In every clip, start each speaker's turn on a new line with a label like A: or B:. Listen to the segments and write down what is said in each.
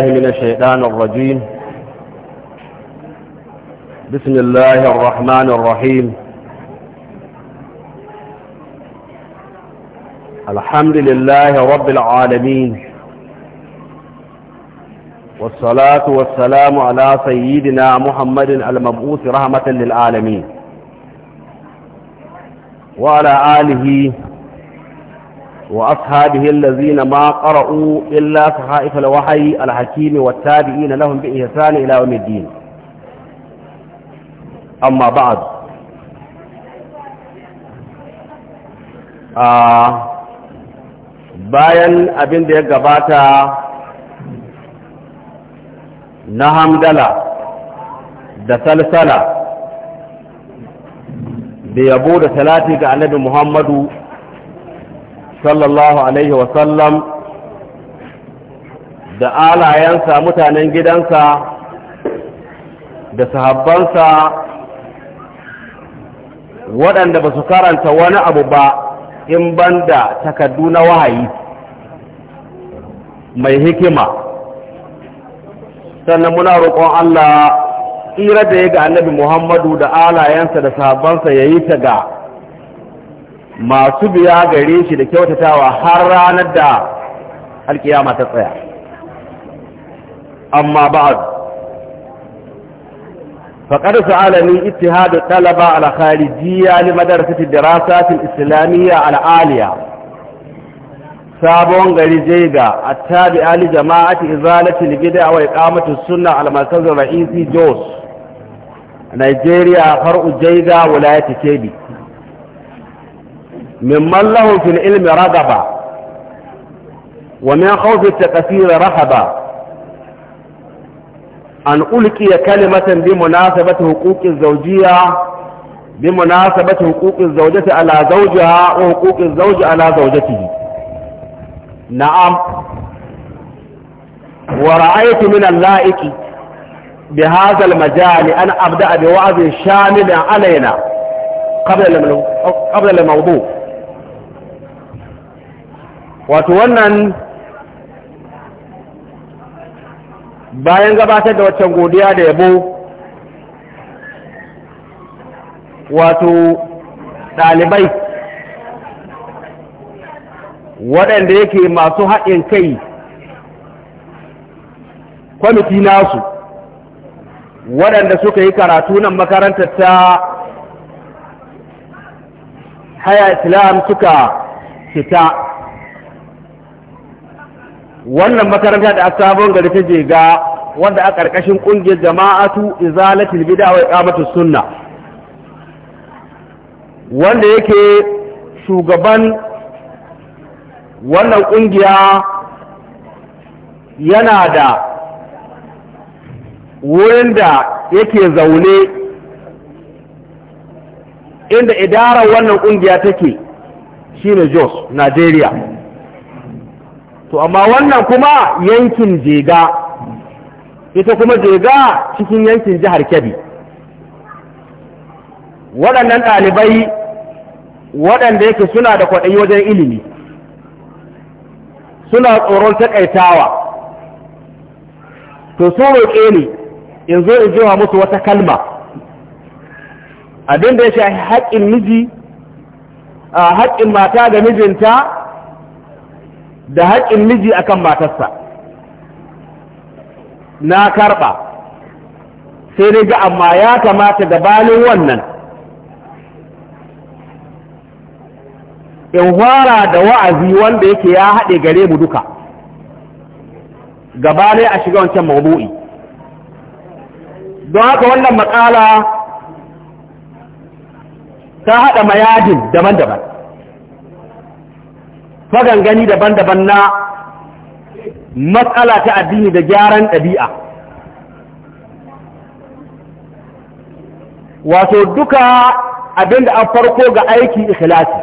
A: من الشيطان الرجيم بسم الله الرحمن الرحيم الحمد لله رب العالمين والصلاة والسلام على سيدنا محمد المبعوث رحمة للعالمين وعلى آله وأصحابه الذين ما قرأوا إلا صحائف الوحي الحكيم والتابعين لهم بإحسان إلى يوم الدين أما بعد آه bayan abin da ya gabata na hamdala da salsala da yabo da talati ga annabi muhammadu sallallahu alaihi wasallam da alayensa mutanen gidansa da sahabbansa waɗanda ba su karanta wani abu ba in banda takardu na wahayi mai hikima sannan muna roƙon Allah tsira da ya ga annabi Muhammadu da alayensa da sahabbansa ya yi ta ga masu biya gare shi da kyautatawa har ranar da alkiyama ta tsaya amma ba'ad faqad sa'alani ittihadu talaba ala kharijiyya li madrasati dirasat al-islamiyya al sabon gari jega tabi ali jama'ati izalati al gida a wai as-sunnah al-markaz raisi jos Nigeria far'u jega wilayati Kebbi ممن له في العلم رغبة ومن خوف التكثير رهبة أن ألقي كلمة بمناسبة حقوق الزوجية بمناسبة حقوق الزوجة على زوجها وحقوق الزوج على زوجته نعم ورأيت من اللائك بهذا المجال أن أبدأ بوعظ شامل علينا قبل الموضوع wato wannan bayan gabatar da waccan godiya da yabo wato ɗalibai waɗanda yake masu haɗin kai kwamiti nasu waɗanda suka yi karatu nan makarantar ta haya islam suka fita wannan makaranta da aka sabon gari ta je ga wanda a ƙarƙashin ƙungiyar jama'atu izalatul bid'a wa iqamatus sunna wanda yake shugaban wannan ƙungiya yana da wurin da yake zaune inda idarar wannan ƙungiya take shine Jos Nigeria to amma wannan kuma yankin jega ita kuma jega cikin yankin jihar kebbi waɗannan ɗalibai waɗanda yake suna da kwaɗayi wajen ilimi suna tsoron taƙaitawa to sun roƙe ne in zo in jewa musu wata kalma abinda ya shi haƙƙin miji a haƙƙin mata da mijinta da haƙƙin miji akan matarsa na karɓa sai dai ga amma ya kamata gabanin wannan in fara da wa'azi wanda yake ya haɗe gare mu duka gabanin a shiga wancan maudu'i don haka wannan makala ta haɗa mayajin daban-daban fagangani daban-daban na matsala ta addini da gyaran ɗabi'a wato duka abinda an farko ga aiki ikhlasi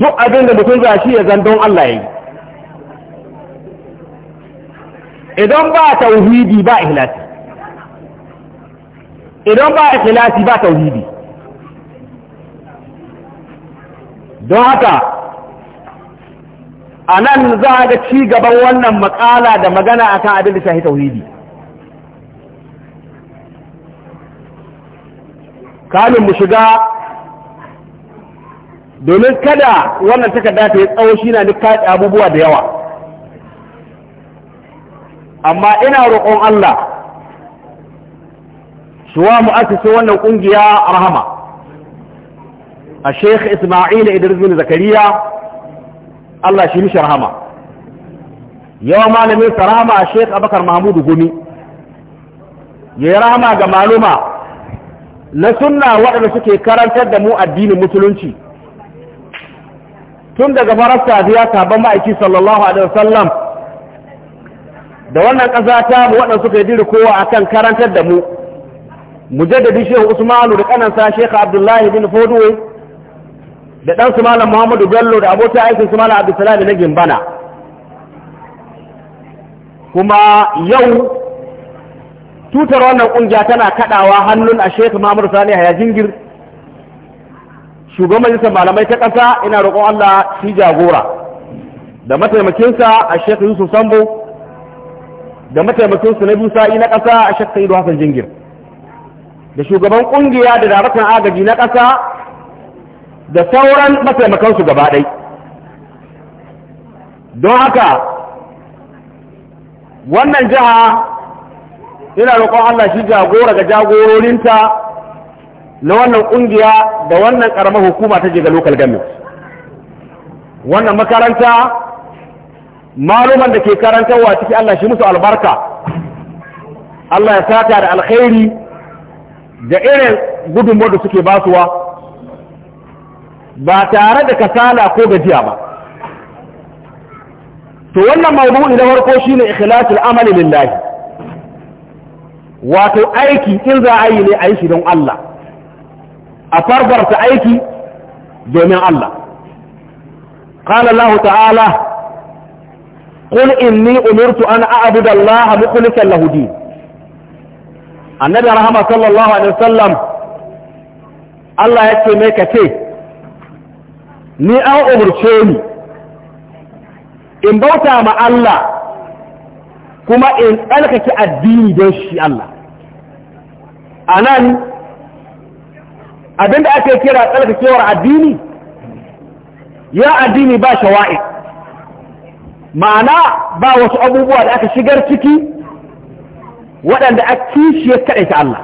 A: duk abinda mutum za shi ya zandon Allah ya yi idan ba tauhidi ba ikhlasi idan ba ikhlasi ba tauhidi don haka a nan za a ga ci gaban wannan matsala da magana akan abin da shahi tauhidi kamin mu shiga domin kada wannan takarda ta yi tsawo shi na nika abubuwa da yawa amma ina roƙon Allah shuwa mu'asisin wannan ƙungiya rahama a sheikh ismail idris bin zakariya Allah shi mishi rahama yawa malamin sarama a sheikh abakar mahmudu gumi ya yi rahama ga maluma na sunna waɗanda suke karantar da mu addinin musulunci tun daga farar safiya sabon ma'aiki sallallahu alaihi wasallam da wannan ƙasa ta mu waɗanda suka yi kowa kan karantar da mu mujaddadi shehu usmanu da ƙanansa sheikh abdullahi bin fodowe da ɗan su malam Muhammadu Bello da abota aikin su malam Abdulsalam na Gimbana kuma yau tutar wannan ƙungiya tana kaɗawa hannun a shekaru Muhammad Sani Haya Jingir shugaban majalisar malamai ta ƙasa ina roƙon Allah shi jagora da mataimakinsa a shekaru Yusuf Sambo da mataimakinsa na biyu sa'i na ƙasa a shekaru Sa'idu Hassan Jingir da shugaban ƙungiya da daraktan agaji na ƙasa da sauran mataimakansu gaba ɗai don haka wannan jiha ina roƙon Allah shi jagora ga jagororinta na wannan ƙungiya da wannan ƙaramar hukuma ta ga local government wannan makaranta maluman da ke karantarwa ciki Allah shi musu albarka Allah ya sata da alkhairi da irin gudunmu da suke basuwa ba tare da kasala ko gajiya ba to wannan idan warko shi ne ikhlasul amali lillahi wato aiki in za a yi ne a yi shi don Allah a farfarta aiki domin Allah qala Allah ta'ala qul inni umirtu an a'budu Allah mukhlishan lahu din annabi rahama sallallahu alaihi wasallam Allah ya ce mai kace ni an umurce ni in bauta ma Allah kuma in tsarkake addini don shi Allah a nan abinda ake kira tsarkakewar addini ya addini ba shawa'i ma'ana ba wasu abubuwa da aka shigar ciki waɗanda a kishiyar kaɗaita Allah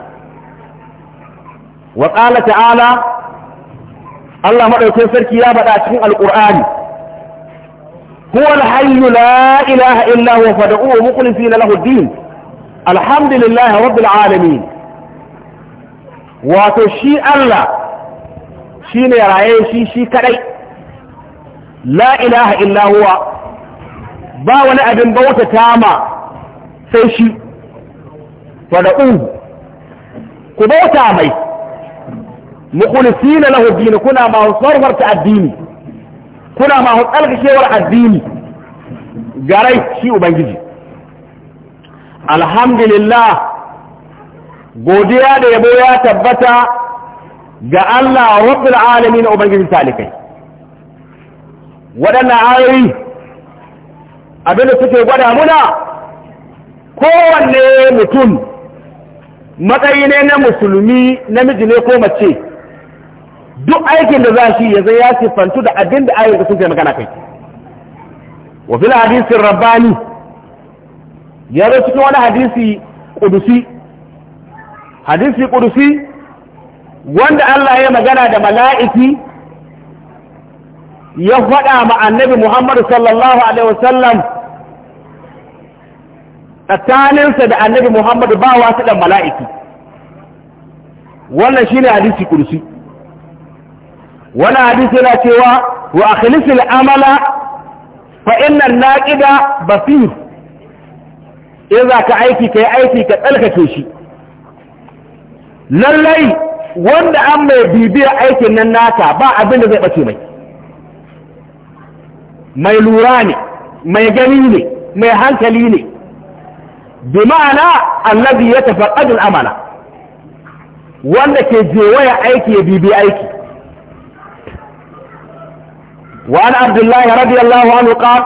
A: wa ta'ala Allah madaukakin sarki ya faɗa cikin alqur'ani huwa alhayyu la ilaha illa huwa fad'uhu mukhlisina lahu ad-din alhamdulillahi rabbil alamin wato shi Allah shine raye shi shi kadai la ilaha illa huwa ba wani abin bauta tama sai shi fad'uhu ku bauta mai mukhlisina na din kuna ma sarfarta addini kuna ma tsalkashewar addini garai shi ubangiji alhamdulillah godiya da yabo ya tabbata ga Allah rabbul alamin ubangiji talikai waɗannan ayoyi abinda suke gwada muna kowanne mutum matsayi ne na musulmi namiji ne ko mace duk aikin da za shi ya zai ya siffantu da abin da da sun kai magana kai wa fil hadisin rabbani ya zo cikin wani hadisi kudusi hadisi kudusi wanda Allah ya magana da mala'iki ya faɗa ma annabi Muhammadu sallallahu alaihi wasallam tsakaninsa da annabi Muhammadu ba wasu ɗan mala'iki wannan shi ne hadisi kudusi wani hadisi yana cewa wa akhlisil amala fa inna naqida basir in za ka aiki ka yi aiki ka tsarkake shi lallai wanda an mai bibiyar aikin nan naka ba abin da zai ɓace mai mai lura ne mai gani ne mai hankali ne bi ma'ana allazi ya tafaqqadul amala wanda ke jewaya aiki ya bibi aiki وعن عبد الله رضي الله عنه قال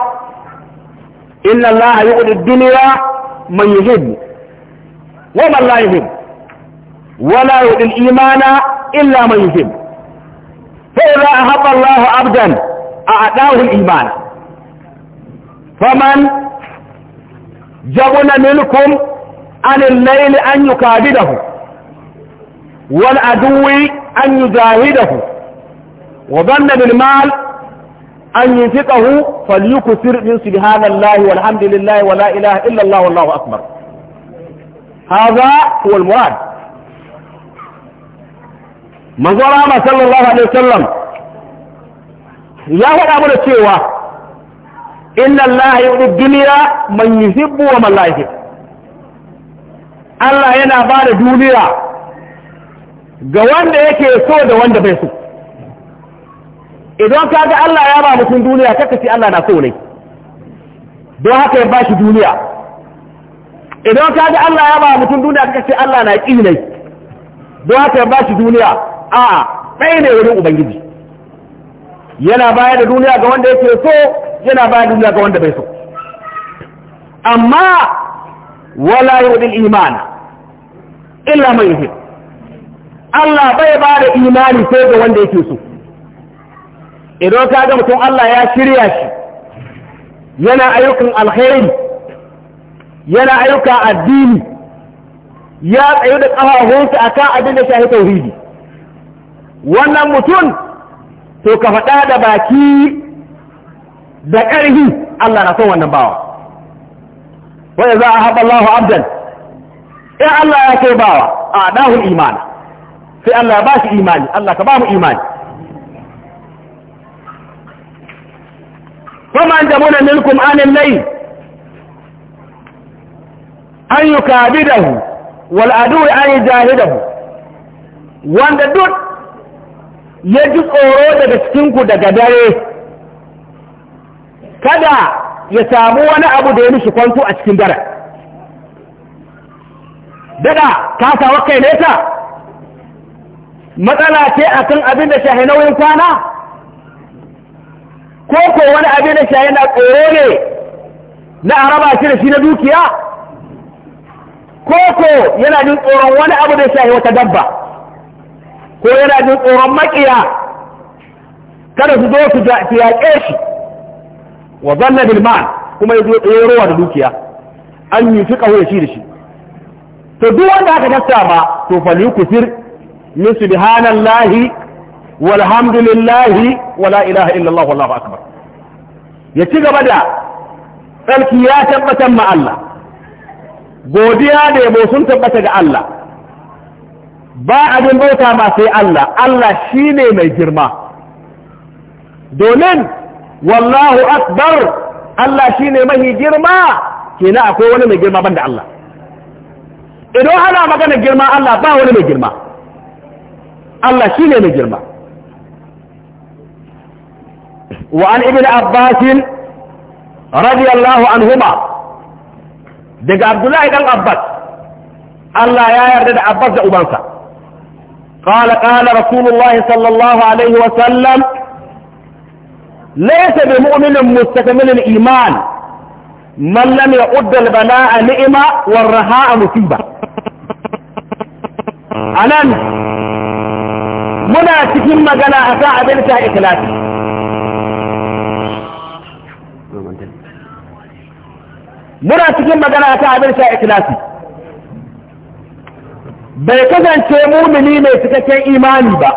A: إن الله يؤذي الدنيا من يهب ومن لا يهب ولا يؤذي الإيمان إلا من يهب فإذا أحب الله عبدا أعطاه الإيمان فمن جبن منكم عن الليل أن يكابده والعدو أن يجاهده وظن بالمال an yi fiqahu falyuksir min subhanallahi walhamdulillahi wala ilaha illa Allah wallahu akbar hadha huwa al-murad manzo Allah sallallahu alaihi wasallam ya faɗa mana cewa inna Allah yu'ti dunya man yuhibbu wa man la yuhibbu Allah yana ba da duniya ga wanda yake so da wanda bai so idan ka ga Allah ya ba mutum duniya kaka ce Allah na so ne don haka ya ba shi duniya idan ka ga Allah ya ba mutum duniya kaka ce Allah na ƙi ne don haka ya ba shi duniya a ɗaya ne wurin ubangiji yana bayar da duniya ga wanda yake so yana bayar da duniya ga wanda bai so amma wala yudil iman illa mai yuhib Allah bai ba da imani sai ga wanda yake so idan ka ga mutum Allah ya shirya shi yana ayyukan alkhairi yana ayyuka addini ya tsayu da ƙafafunsa a kan abin da shahi tauhidi wannan mutum to ka faɗa da baki da ƙarfi Allah na son wannan bawa wanda za a haɓa Allah abdan in Allah ya kai bawa a ɗahun imani sai Allah ya ba shi imani Allah ka ba mu imani وما أنجبون منكم عن الليل أن يكابده والعدو أن يجاهده wanda duk ya ji tsoro daga cikinku daga dare kada ya samu wani abu da ya nishi kwanto a cikin dare daga kasawa kai nesa matsala ce a kan abin da shahinauyin kwana ko ko wani abin da shayi na tsoro ne na araba shi da shi na dukiya ko ko yana jin tsoron wani abu da shayi wata dabba ko yana jin tsoron makiya kada su zo su yaƙe shi wa zanna bil kuma ya zo tsaye da dukiya an yi fi ƙauye shi da shi to duk wanda aka tattara ma to fali kusir min subhanallahi walhamdulillahi wala ilaha illallah wallahu akbar ya ci gaba da tsarki ya tabbatar ma Allah godiya da yabo sun tabbata ga Allah ba abin bauta ma sai Allah Allah shi ne mai girma domin wallahu akbar Allah shi ne mahi girma kenan akwai wani mai girma banda Allah idan ana magana girma Allah ba wani mai girma Allah shi ne mai girma وعن ابن عباس رضي الله عنهما دغ عبد الله بن عباس الله يا يرد عباس عبانسا قال قال رسول الله صلى الله عليه وسلم ليس بمؤمن مستكمل الايمان من لم يعد البلاء نعمة والرهاء مصيبة أنا منا تكون مقنا أساء بلسة إخلاسي muna cikin magana ta abin sha ikilasi bai kasance mumini mai cikakken imani ba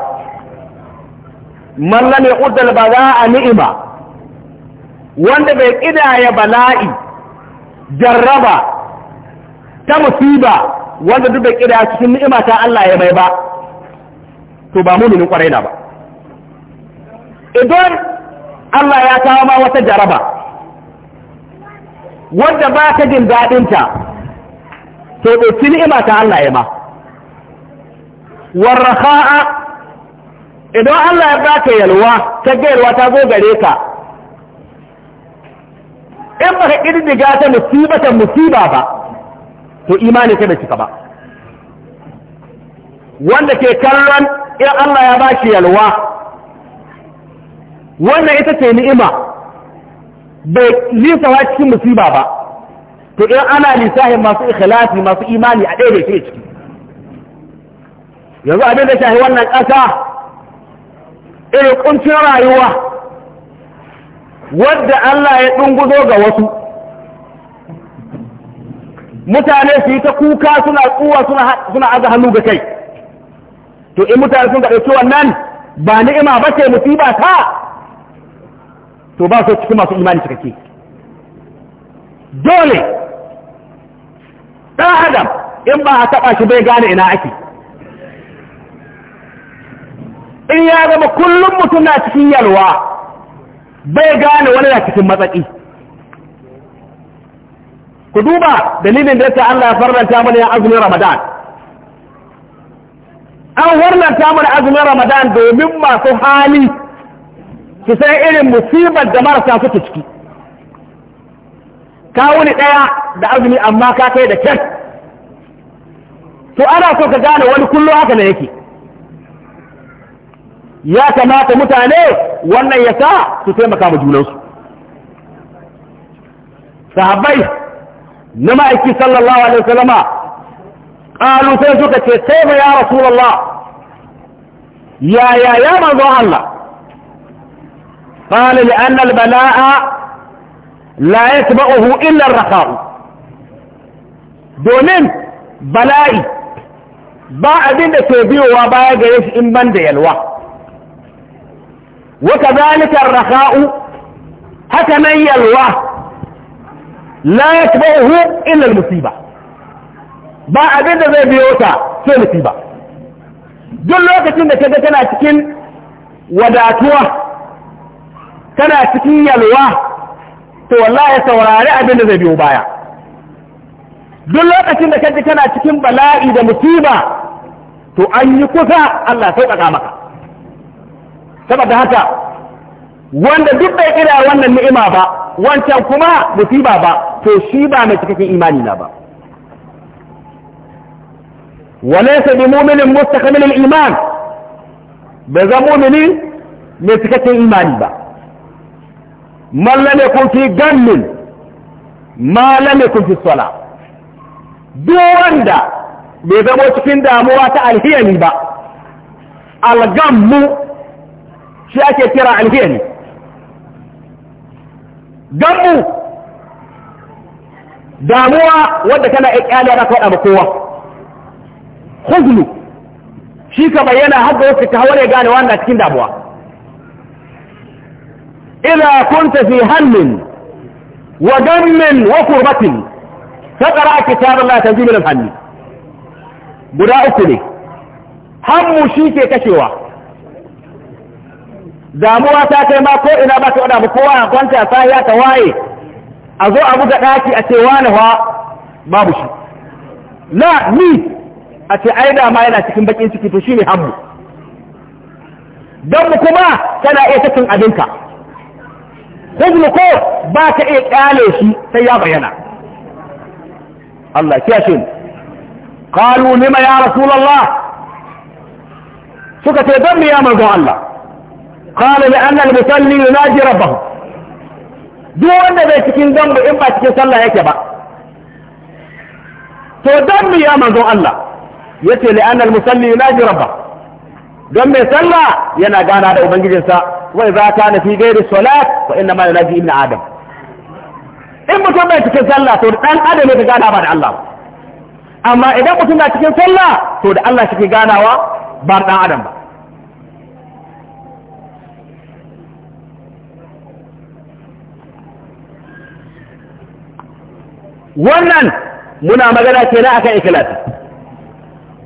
A: man ba za a ni'ima wanda bai ƙidaya bala'i jarraba ta musiba wanda duk bai kidaya cikin ni'ima ta Allah ya mai ba to ba muminin kwarai na ba idan Allah ya kawo ma wata jaraba wadda ba ka jin daɗinta to ɗauki ni'ima ta Allah ya ma warraha'a idan Allah ya ba ka yalwa ta gayarwa ta zo gare ka in ba ka ƙirɗiga ta musibatan musiba ba to imani ka da cika ba wanda ke kallon in Allah ya ba shi yalwa wannan ita ce ni'ima bai lisawa cikin musiba ba to in ana lisahin masu ikhlasi masu imani a ɗaya shi ciki yanzu abin da shahi wannan ƙasa irin ƙuncin rayuwa wadda Allah ya ɗunguzo ga wasu mutane su yi ta kuka suna tsuwa suna aza hannu ga kai to in mutane sun ga ɗauki wannan ba ni'ima ba ce musiba ta to ba su cikin masu imani cikakke dole ɗan adam in ba a taɓa shi bai gane ina ake in ya zama kullum mutum na cikin yalwa bai gane wani na cikin matsaki ku duba dalilin da ta Allah ya farlanta mana ya azumin Ramadan an ta mana azumin Ramadan domin masu hali ki san irin musibar da marasa suke ciki ka wuni ɗaya da azumi amma ka kai da kyan to ana so ka gane wani kullum haka ne yake ya kamata mutane wannan ya sa su taimaka ma junansu sahabbai na ma'aiki sallallahu alaihi wasallama ƙalu sai suka ce sai ya rasulullah yaya ya manzo Allah قال لأن البلاء لا يتبعه إلا الرخاء دونين بلائي ba abin da ke biyowa baya ga yashi in banda da yalwa waka zalika raka'u haka nan yalwa la ya uhu illal musiba ba abin da zai biyo ta sai musiba duk lokacin da ka ga tana cikin wadatuwa kana cikin yalwa to wallahi saurari abin da zai biyo baya duk lokacin da kaji kana cikin bala'i da musiba to an yi kusa Allah sauƙaƙa maka saboda haka wanda duk bai kira wannan ni'ima ba wancan kuma musiba ba to shi ba mai cikakken imani na ba walaysa bi mu'minin mustaqimil iman bai zama mu'mini mai cikakken imani ba man lam yakun fi gammin ma lam yakun fi sala duk wanda bai zama cikin damuwa ta alhiyani ba algammu shi ake kira alhiyani gammu damuwa wadda kana ƙyale na kaɗa kowa huzlu shi ka bayyana har da wasu ta hawa ne gane wannan cikin damuwa إذا كنت في هم ودم وكربة فقرأ كتاب الله تنزيل من الهم guda uku ne hammu shi ke kashewa damuwa ta kai ma ko ina ba ta wada ba kowa a kwanta sai ya ta waye a zo a buga ɗaki a ce wani wa babu shi na ni a ce ai da ma yana cikin bakin ciki to ne hammu Don mu kuma tana iya cikin abinka ibn ko ba ka iya ƙyale shi sai ya bayyana Allah ya ce Kalu nima ya rasulullah suka ce dan ya manzo Allah qala li anna al-musalli ji rabbahu duk wanda bai cikin zamba in ba cikin sallah yake ba to dan ya manzo Allah yace li anna al-musalli ji rabbahu don mai sallah yana gana da ubangijinsa وإذا كان في غير الصلاة فإنما ينجي ابن آدم إن متوم ما يتكن صلى تقول آدم يتقانى بعد الله أما إذا متوم ما يتكن صلى تقول الله يتقانى بعد آدم wannan muna magana ce na aka ikilas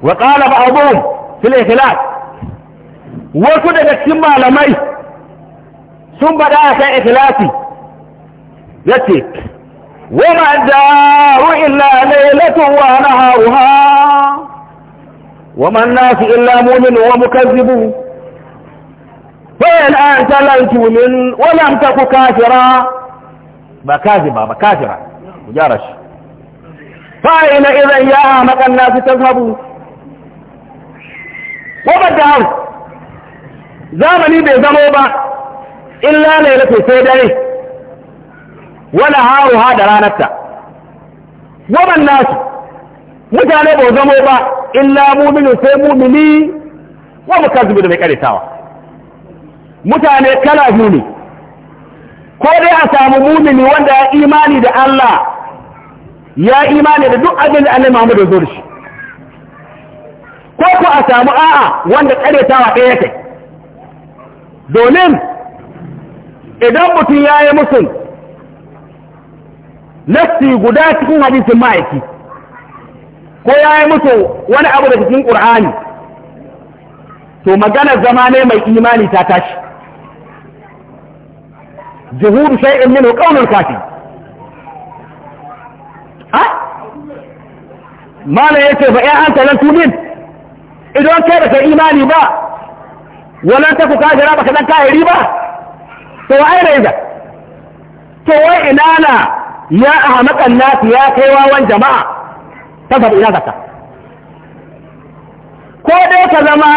A: wa ƙalaba abubuwan fil ikilas wasu daga cikin malamai sun faɗa a kan ikhlasi ya ce wama da'u illa lailatun wa naharuha wama nasu illa mumin wa mukazzibu fa'in an talantu min walam taku kafira ba kaziba ba kafira ku gyara shi fa'in idan ya makan nasu tazhabu wama da'u zamani bai zamo ba In lalai lailatul sai dare wala ha da ranarta waman nasu mutane ba zamo ba illa mu'minu sai mu'mini wa mukazzibu da mai karitawa mutane kala biyu ne ko dai a samu mu'mini wanda ya imani da Allah ya imani da duk abin da Allah Muhammadu zo da shi ko ku a samu a'a wanda karetawa ɗaya kai domin idan mutum ya yi musul nassi guda cikin hadisin ma'aiki ko ya yi musu wani abu da cikin ƙur'ani to maganar zama ne mai imani ta tashi sai in minhu ƙaunar kafi ha ya ce ba ya an lan tunin idan kai ka imani ba ku kajira ba ka dan kayari ba to ai da to wai inana ya ahmakan nasu ya kai wawan jama'a ta faɗi ina zaka ko dai ka zama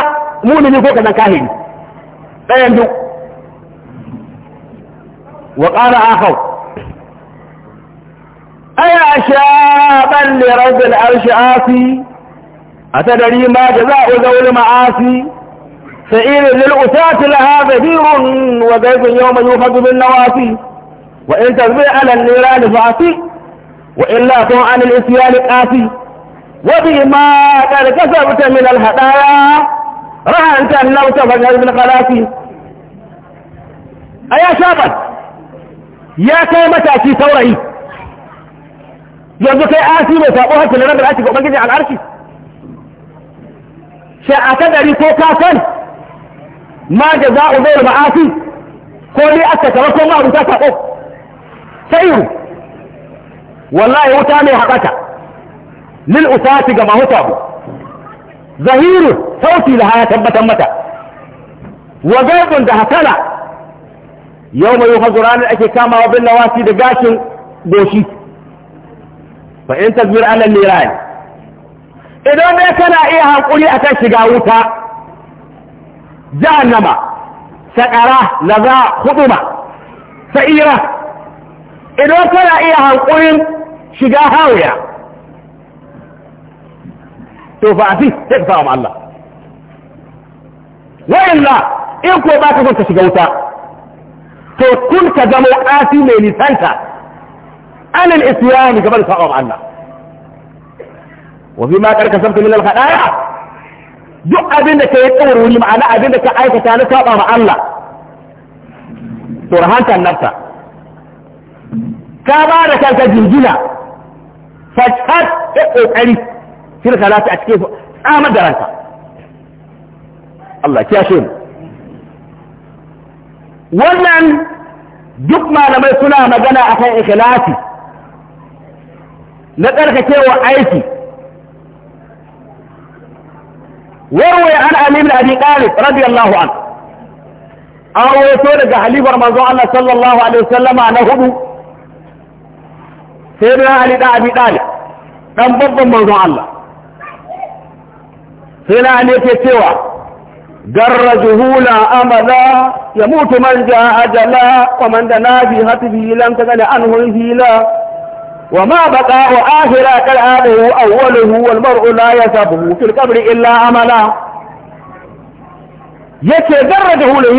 A: mulmi ko ka zan kahiri ɗayan duk wa ƙara akau aya shaɓan lirar da al'arshi asi a ta dari ma jaza'u za zaune ma'asi فإن للأساة لها بدير وبيت يوم يوفد بالنوافي وإن تذبي على النيران فعفي وإلا كن عن الإسيان قاسي وبما قد كسبت من الهدايا أن لو تفجع من خلافي أيا شابا يا كيمة متاكي ثوري yanzu كي آسي mai كل رب العاشي rabin aiki ga ubangiji al'arshi sai a ma da za a zai ma'afi ko dai aka kama ko ma'abu ta sako sai yi wallahi wuta mai haɓaka lil usati ga mahuta ku zahiru sauti da haya tabbatan mata wa da hasala yau mai yuhazu ranar ake kamawa bin lawasi da gashin goshi fa in tasbir ala lirai idan ne kana iya shiga wuta jahannama sakara laza huduba sa'ira idan kana iya hankulin shiga hawiya to fa afi sai ka samu Allah wa illa in ko ba ka son ka shiga wuta to kun ka zama asi mai nisanta an al-isyan gaba da sa'a Allah wa bima karkasabtu min al-khadaya duk abin da ka yi tsoroni ma'ana abin da ka aikata na saba ma Allah turhantar nafsa ka ba da kanka jirgina fashar ya kokari shirka lati a cikin tsamar da ranka Allah kiyashe mu wannan duk malamai suna magana akan ikhlasi na tsarkakewa aiki warwaye an ali ibn abi talib radiyallahu an an waito daga halifar manzon Allah sallallahu alaihi wasallama na hudu sai da ali da abi talib dan babban manzon Allah sai na ali ke cewa garrajuhu la amala mutu man jaa ajala wa man dana bi hatihi ta tagana an hila وما بقاء آخر كالآله أوله والمرء لا يسبه في القبر إلا عملا yake darrajahu da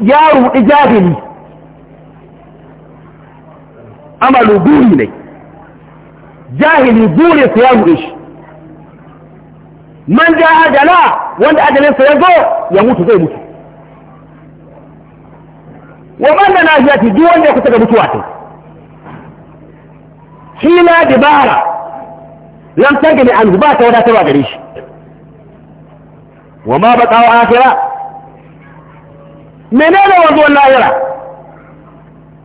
A: yaro ijabili amalu buri ne jahili buri su ya ruɗe man ja ajala wanda ajalinsa ya zo ya mutu zai mutu wa man da duk wanda ya kusa ga mutuwa ta hila dibara lam tagani anhu ba ta wadatarwa gare shi wa ma baqa wa akhira menene wanzuwar lahira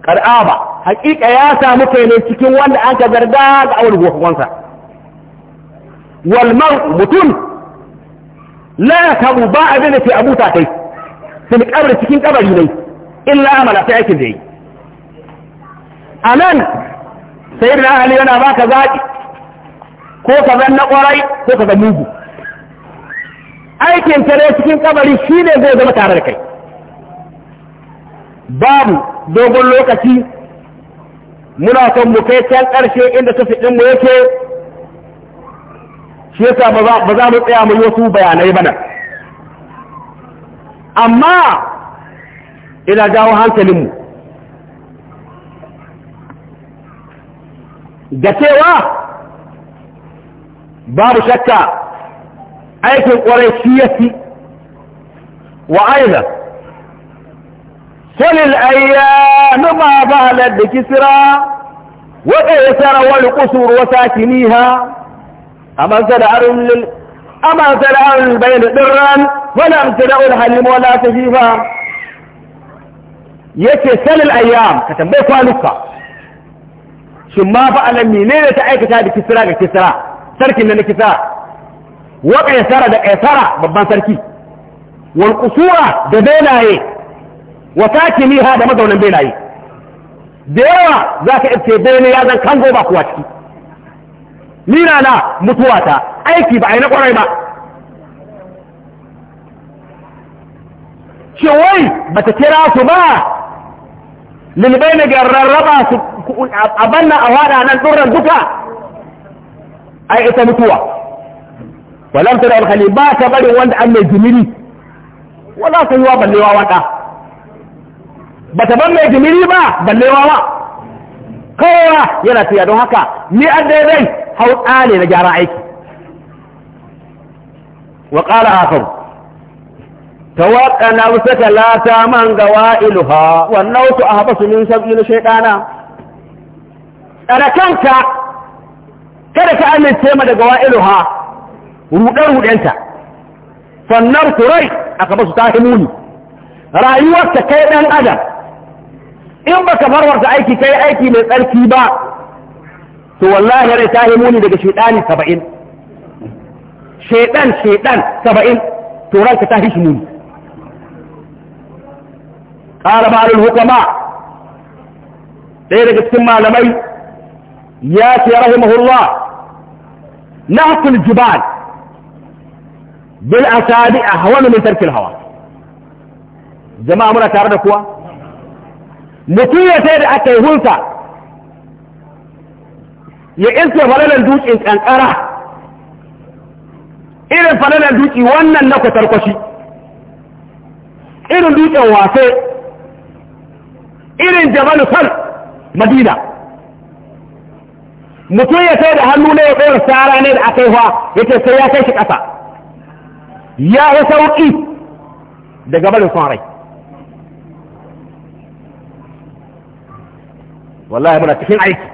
A: kar'aba hakika ya samu kai ne cikin wanda an ka zarga ga awal gofansa wal mar mutum la yakabu ba abin da ke abuta kai fil qabr cikin kabari ne illa amala ta aikin da yi anan sai da ali yana baka zaɗi, ko ka zan na ƙwarai ko ka zan mugu aikin tare cikin kabari shi ne zai zama tare da kai babu dogon lokaci muna son mu kai can ƙarshe inda tafi mu yake shi yasa ba za mu tsaya mu yi wasu bayanai bana. amma ina jawo hankalinmu da cewa babu shakka aikin ƙwarai shi ya fi wa aina solil ayyanu ma ba'alar da kisira waɗa ya tsara wani kusur wata kiniha a manzana arin lil amma tsara arin bayan ɗirran wani amsana ulhalin wala ta fi ba yake solil ayyam ka tambayi kwanuka shin ma fa'alan menene ta aikata da kisra ga kisra sarkin na kisra wa kaisara da kaisara babban sarki wal qusura da benaye wa takimiha da mazaunan benaye da yawa za ka ibce bene ya zan kango ba kuwa ciki nina na mutuwa ta aiki ba a yi na kwarai ba ce wai ba ta kira su ba lilbai na rarraba su a banna a wada nan duran duka ai ita mutuwa walam al-khali ba ta bari wanda an mai jimiri wala ta yi wa ballewa wada ba ta ban mai jimiri ba ballewa wa kowa yana tuya don haka ni an daidai hau tsale na gyara aiki wa ƙara hakan tawaƙa na wusata lata man gawa iluha wannan wasu a haɓa su min sauƙi na shaiɗana tsara kanka kada ka amince ma daga wa'iluha ruɗe-ruɗenta sannan turai a kaba su ta muni. rayuwarta kai ɗan adam in baka farwarta aiki kai aiki mai tsarki ba to wallahi rai ta muni daga shaidani saba'in shaidan shaidan saba'in to ranka ta muni. ƙara ba hukama ɗaya daga cikin malamai ياتي رحمه الله نهق الجبال بالاسابيع اهون من ترك الهوى جماعه منا تاره da kuwa mutum ya sai da akai hunsa ya isa falalan duki kankara irin falalan duki wannan na kwatar kwashi irin dukin wasai irin jabalu sal madina mutum ya sai da hannu ne ya tsayar tsara ne da aka yi fa ya ce sai ya kai shi ƙasa ya yi sauƙi daga barin son rai wallahi muna cikin aiki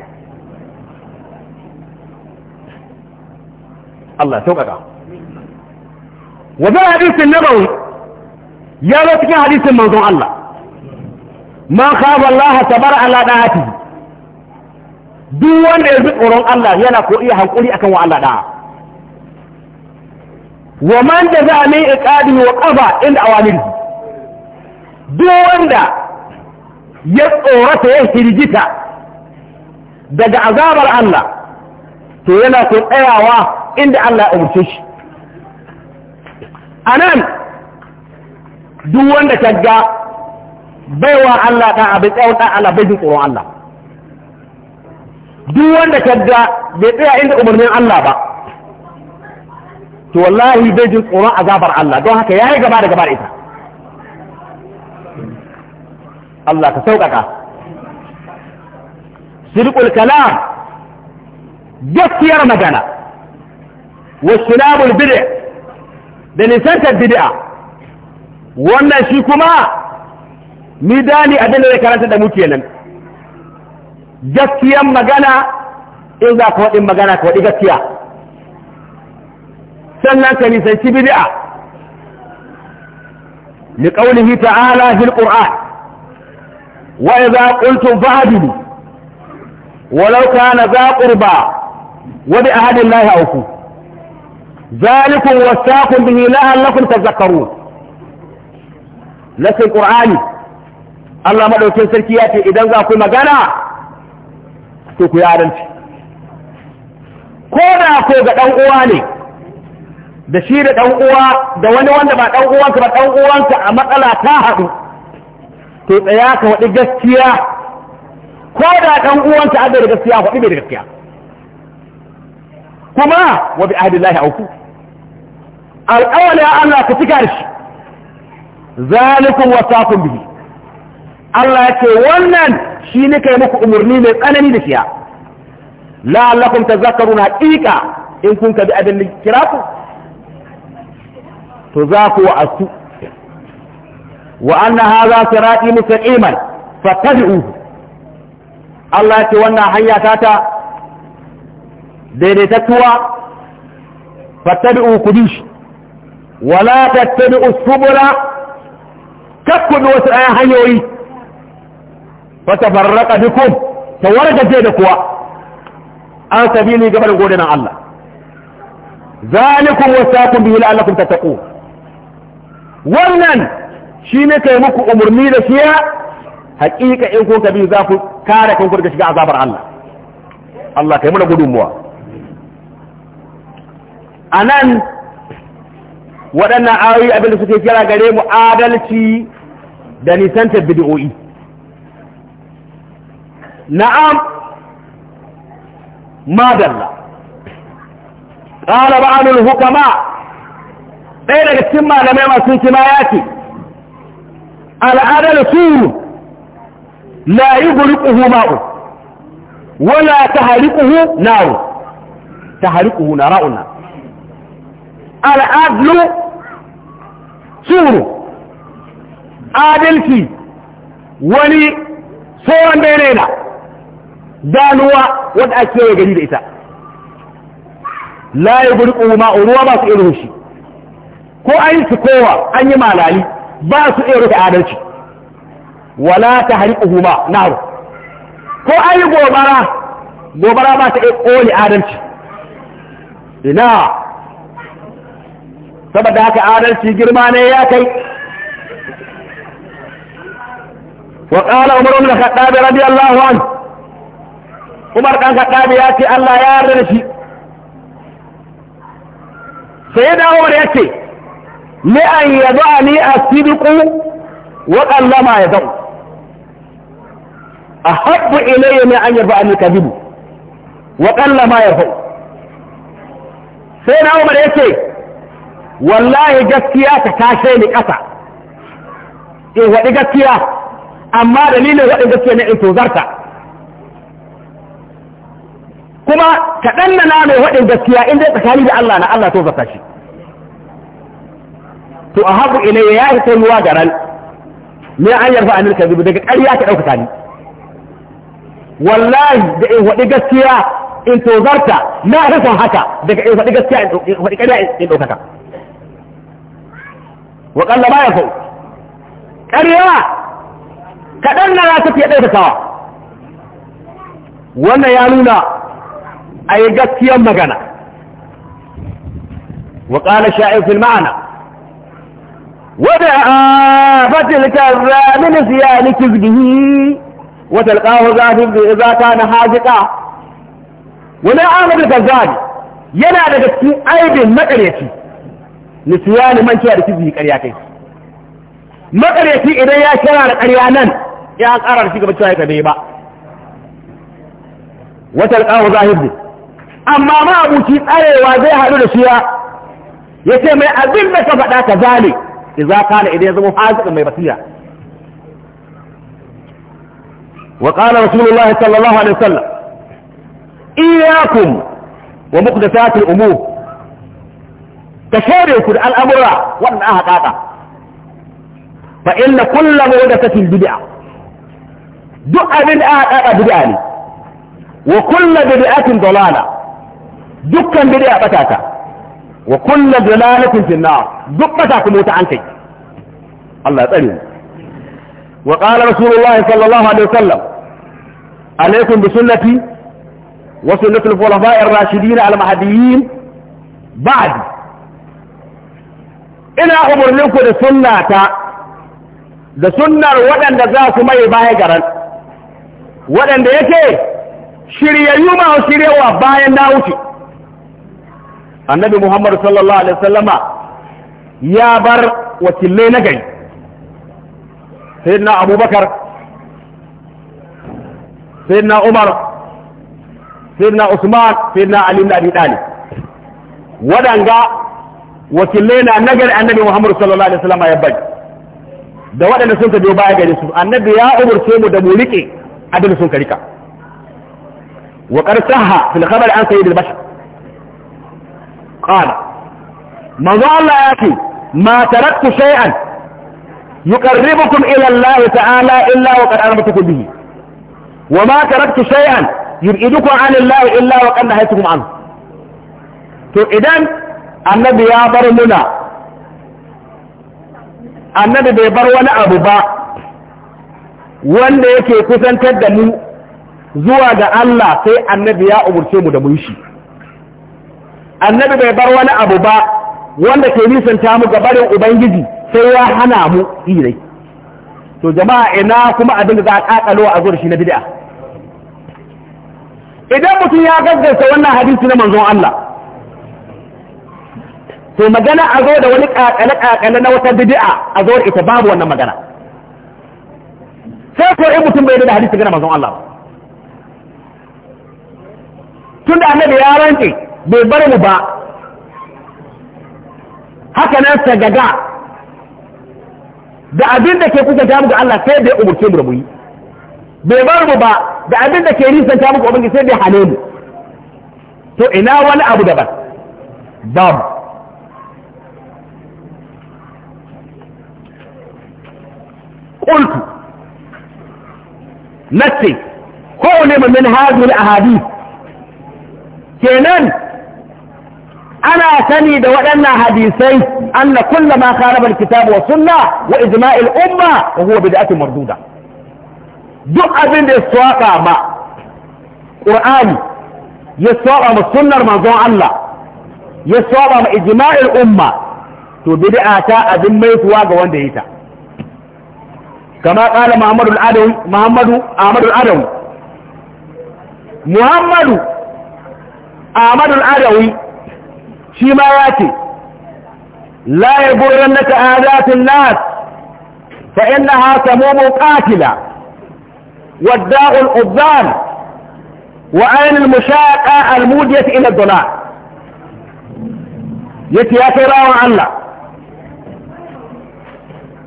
A: Allah sauƙaƙa wajen hadisin na nabawi ya zo cikin hadisin manzon Allah ma khaba Allah tabar ala da'atihi duk wanda ya bi tsoron Allah yana ko iya hankuri akan wa Allah da wa man da za min iqadi wa qafa inda awamiri duk wanda ya tsorata ya hirgita daga azabar Allah to yana ko tsayawa inda Allah ya umurce shi anan duk wanda kaga baiwa Allah da abin tsawon Allah bai tsoron Allah duk wanda ka ga bai tsaya inda umarnin Allah ba to wallahi bai jin tsoron azabar Allah don haka yayi gaba da gaba da ita Allah ka sauƙaƙa sirqul kalam gaskiyar magana wasilabul bid'a da nisantar bid'a wannan shi kuma midani abin da ya karanta da muke nan. gaskiyan magana in za ka waɗin magana ka waɗi gaskiya sannan ka nisanci Ni li qawlihi ta'ala fil qur'an wa idza qultum fa'dilu walau kana za qurba wa bi ahadi llahi awfu zalikum wasaqu bihi la'allakum tadhakkarun lakin qur'ani Allah madaukin sarki ya ce idan za ku magana to ku yi adalci ko da ko ga ɗan'uwa ne da shi da ɗan'uwa da wani wanda ba ɗan'uwanka ba ɗan'uwanka a matsala ta haɗu to tsaya ka waɗi gaskiya ko da ɗan’uwanka a da gaskiya waɗi mai da gaskiya kuma wa bi lahi auku alƙawali ya Allah ka cika da shi zalikum wasaqum bihi Allah ya ce wannan shi ne kai muku umarni mai tsanani da shiya zakaru na haqiqa in kun ka bi abin da kira ku to za ku wa'asu wa anna musu iman mustaqiman fattabi'uhu Allah ya ce wannan hanya ta ta daidaitatuwa fattabi'u kudish wala tattabi'u bura kakkudu wasu ayan hanyoyi wata farraka bikum ta wargaje da kuwa an sabili gaban godinan Allah zalikum wasaqu bihi la'allakum tattaqun wannan shi ne kai muku umarni da shiya haƙiƙa in kun kabi za ku kare kanku daga shiga azabar Allah Allah kai mana gudunmuwa a nan waɗannan ayoyi abinda suke kira gare mu adalci da nisantar bidi'o'i na'am madalla qala ba'dul hukama ɗaya daga cikin malamai masu kima ya ce al'adar su la yi guriƙuhu ma'u wala ta hariƙuhu na'u ta hariƙuhu na ra'una al'adlu adalci wani tsohon bene na danuwa wanda ake yi gari da ita la ya guri ma ruwa ba su iya shi ko an yi kowa an yi malali ba su iya rufe adalci wala ta hari ƙuma na ko an yi gobara gobara ba ta iya ƙone adalci ina saboda haka adalci girma ne ya kai wa ƙala umaru da kaɗaɓe radiyallahu anhu umar ɗan kaɗabi ya ce Allah ya yarda da shi sai da umar ya ce li an yadu ali ya zau a yadu ahabbu ilayya min an yadu ali kadibu wa ya yadu sai da umar ya ce wallahi gaskiya ta tashe ni ƙasa in eh, waɗi gaskiya amma dalilin waɗin gaskiya ne in tozarta kuma ka ɗannana mai waɗin gaskiya in dai tsakani da Allah na Allah to zaka shi to a haɓu ilayya ya hito ruwa da ran ne an yarfa anil kadhib daga ƙarya ka ɗaukaka ni wallahi da in waɗi gaskiya in tozarta na rufin haka daga in waɗi gaskiya in waɗi ƙarya in ɗaukaka wa ƙalla ba ya fau ƙarya kaɗan na ta fiye ɗaukakawa wannan ya nuna أي ايقت يمكنا وقال الشاعر في المعنى ودعا فتلك الرامن سيان كبده وتلقاه ذا كان حاجقا ولا عام ذلك الزاد ينا ذلك ايضا مقريتي نسيان من شاعر كبده قرياتي مقريتي اذا يا شاعر قريانا يا قرر فيك بشاعر كبيبا وتلقاه ذا amma ma abuci tsarewa zai haɗu da shiya ya ce mai abin da ka faɗa ka zale iza kana idan ya zama haziƙin mai basiya wa qala rasulullahi sallallahu alaihi sallam iyakun wa sati umu ka shere ku da al'amura wanda aka kaka fa inna kullu muhdathatin bid'a duk abin da aka kaka bid'a ne wa kullu bid'atin dalala dukkan bid'a bata ta wa kullu dalalatin fi nar duk bata kuma wuta an kai Allah ya tsare mu wa qala rasulullahi sallallahu alaihi wasallam alaikum bi sunnati wa sunnati al-khulafa'i ar-rashidin al-mahdiyyin ba'd ina umurninku da sunnata da sunnar waɗanda za su mai baya garan waɗanda yake shiryayyu ma shiryawa bayan na wuce annabi muhammad sallallahu alaihi wasallama ya bar wakilai na gari sayyidina abubakar sayyidina umar sayyidina usman sayyidina ali ibn abi talib wadanga wakilai na nagari annabi muhammad sallallahu alaihi wasallama ya bai da waɗanda sun ka biyo baya gare su annabi ya umurce mu da mu rike abin sun ka rika wa qad sahha fil khabar an sayyid al-bashar qala manzo Allah ya ce ma taraktu shay'an yuqarribukum ila Allah ta'ala illa wa qad amartukum bihi wa ma taraktu shay'an yuridukum 'an Allah illa wa qad nahaytukum 'an to idan annabi ya bar muna annabi bai bar wani abu ba wanda yake kusantar da mu zuwa ga Allah sai annabi ya umurce mu da mu shi annabi bai bar wani abu ba wanda ke nisanta mu ga barin ubangiji sai ya hana mu irai to jama'a ina kuma abin da za a kakalo a zuwa shi na bid'a idan mutum ya gaggauta wannan hadisi na manzon Allah to magana a zo da wani kakale-kakale na wata bid'a a zo da ita babu wannan magana sai ko in mutum bai da hadisi gana manzon Allah Tunda annabi ya rantsa bai bar mu ba haka nan sagaga da abin da ke kuka ta muku Allah sai bai umurce mu da bai bar mu ba da abin da ke risanta ta muku ubangiji sai bai hane mu to ina wani abu daban babu qultu nace ko ne min hadhihi al ahadith kenan ana sani da waɗannan hadisai an na kulla ma karabar kitabu wa sunna wa ijma'il umma wa huwa bid'atu marduda duk abin da ya saba ma qur'ani ya saba ma sunnar manzon Allah ya saba ma ijma'il umma to bid'a ta abin maituwa ga wanda yi ta kama qala Muhammadu al-Adawi Muhammadu Ahmadu al-Adawi Muhammadu Ahmadu al-Adawi shi ياتي لا ce la الناس فإنها na قاتلة والداء القبان وعين المشاقة المودية إلى الضلال يتياكي راوة الله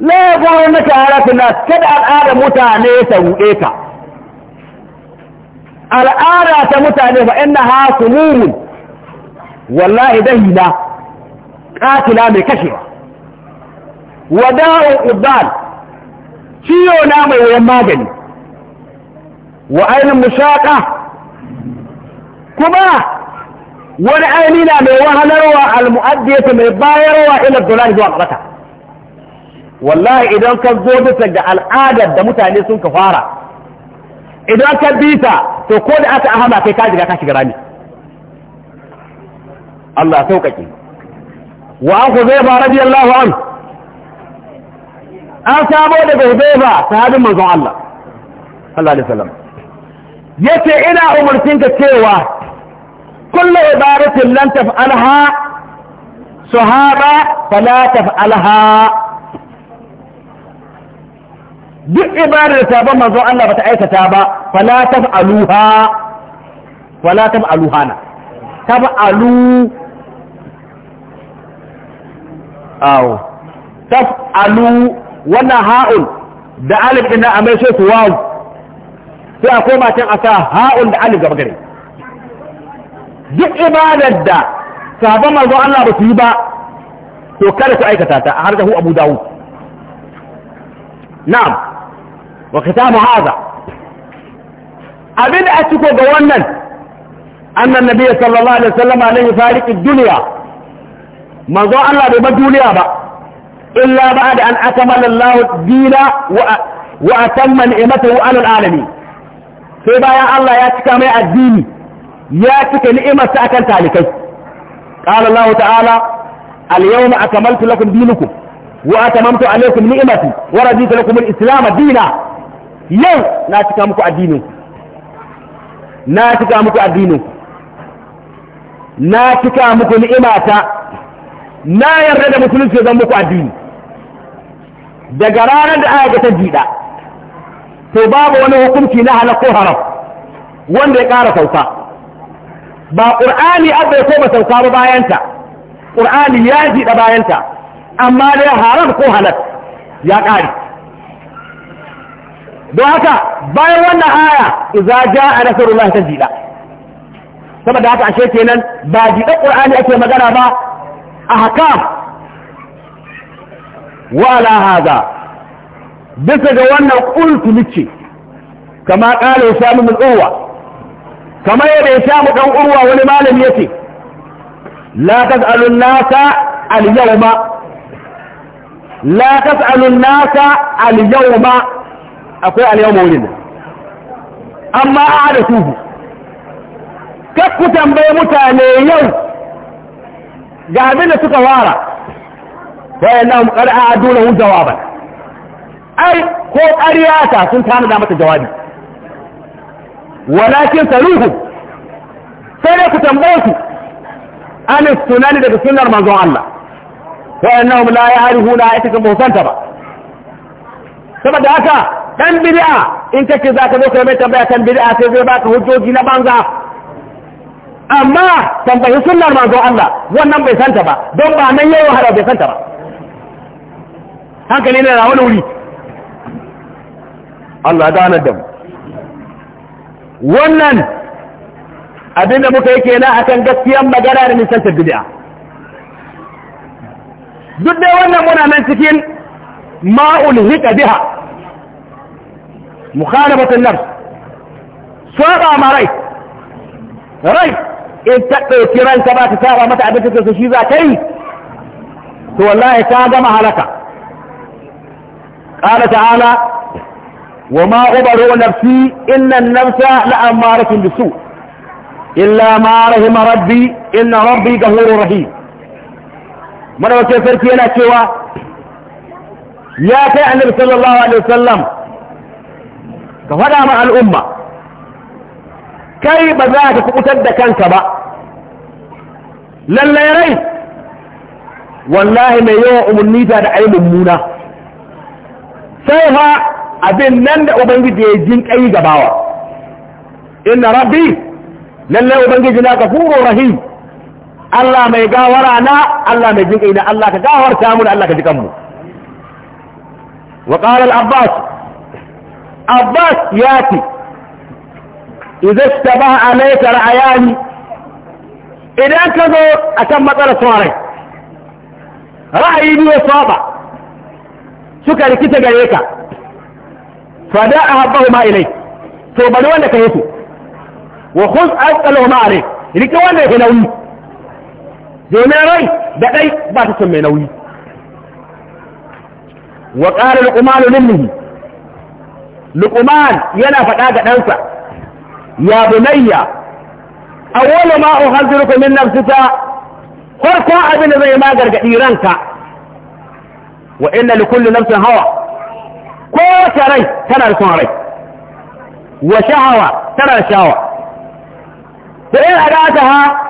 A: لا يقول أنك الناس كدع الآلة متانيسة وإيكا الآلة متانيسة إنها سموم wallahi na katila mai kashewa wada'u ubal ciyo na mai wayan magani wa ainin mushaƙa kuma wani aini na mai wahalarwa almu'addiyata mai bayarwa ila dolari zuwa ƙabata wallahi idan ka zo bisa ga al'adar da mutane sun ka fara idan ka bita to ko da aka ahama kai ka jiga ka shiga rami Allah sauƙaƙe wa an huzaifa radiyallahu an an sabo daga ta sahabin manzon Allah sallallahu alaihi Ya ce ina umartin ka cewa kullu ibadatin lan taf'alha sahaba fala taf'alha duk ibadar ta ba manzon Allah bata aikata ba fala taf'aluha fala na. tab'alu aw tab'alu wannan ha'un da alif din nan a mai sai su wawu sai a koma can a ha'un da alif gaba gare duk ibadar da sahabban manzo Allah ba su yi ba to kada ku aikata ta a harzahu Abu Dawud na'am wa kitabu hadha abin da a ciko ga wannan أن النبي صلى الله عليه وسلم عليه فارق الدنيا منذ الله بما دنيا بقى إلا بعد أن أكمل الله الدين وأتم نعمته على العالمين sai bayan Allah ya cika mai addini ya cika ni'imarsa akan talikai qala Allah ta'ala al-yawma akmaltu lakum dinakum wa atamamtu alaykum ni'mati wa raditu lakum al-islam dina yau na cika muku addinin na cika muku addinin na cika muku ni'imata na yarda da musulunci zan muku addini daga ranar da aka ta jida to babu wani hukunci na halal ko haram wanda ya ƙara sauka ba ƙur'ani abu ya koma sauka ba bayanta ƙur'ani ya jida bayanta amma da haram ko halal ya ƙari don haka bayan wannan aya iza ja'a nasarullah ta jida saboda haka ashe kenan ba jiɗa ƙur'ani ake magana ba a haka wa haza bisa ga wannan ƙultu nice kama ƙala ya samu min urwa kama yadda ya samu ɗan urwa wani malami yake la tas'alun nasa al-yawma la tas'alun nasa al-yawma akwai al-yawma wurin amma a da tuhu sai tambaye mutane yau ga abin da suka wara bayan na mukar'a a dole hun jawaban ai ko ƙaryata sun tana da mata jawabi walakin saluhu sai da ku tambaye su an sunani daga sunnar manzon Allah bayan na la ya'rifuna ita kan bosanta ba saboda haka dan bid'a in kake zaka zo kai mai tambaya kan bid'a sai zai baka hujjoji na banza amma tambayi sunnar manzo Allah wannan bai santa ba don ba nan yayin wahala bai santa ba hankali ne na wani wuri Allah ya gane da mu wannan abinda muka yi kenan akan gaskiyar magana da nisantar bid'a duk dai wannan muna nan cikin ma'ul hika biha mukhalabatun nafs saba ma rai rai in ta ɗauki ranka ba ta tara mata abin da su shi za ta yi to wallahi ta gama halaka ƙara ta'ala wa ma ubaru nafsi innan nafsa la amaratin bisu illa ma rahima rabbi inna rabbi ghafurur rahim mana wace sarki yana cewa ya kai annabi sallallahu alaihi wasallam ka faɗa ma al'umma kai ba za ka kubutar da kanka ba lallai rai wallahi mai yawan umarni ta da ainihin muna sai fa abin nan da ubangiji ya jin kai gabawa inna rabbi lallai ubangiji na gafuru rahim Allah mai gawara na Allah mai jin kai na Allah ka gawarta mu da Allah ka ji kanmu wa qala al-abbas abbas yati idan ta ba a laikar ayani idan ka zo a kan matsalar tsorai ra'ayi biyu saba suka rikita gare ka fada a haɓar ma'ilai to bari wanda ka yi su wa kun an tsalo ma'ilai rike wanda ya nauyi domin rai da ɗai ba ta sun mai nauyi wa ƙarar umaru lumihi lukuman yana faɗa ga ɗansa يا بني أول ما أخذرك من نفسك فرقا أبن زي ما قرق إيرانك وإن لكل نفس هوى كوة ري ترى لكم ري وشهوة ترى الشهوة فإن أداتها